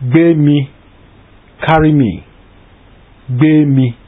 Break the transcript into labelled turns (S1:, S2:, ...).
S1: Bear me, carry me. bear me.